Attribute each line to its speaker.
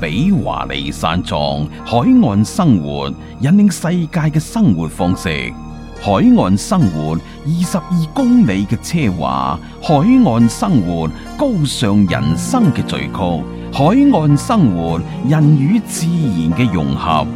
Speaker 1: 比華利山莊，海岸生活引領世界嘅生活方式。海岸生活二十二公里嘅奢華，海岸生活高尚人生嘅序曲，海岸生活人與自然嘅融合。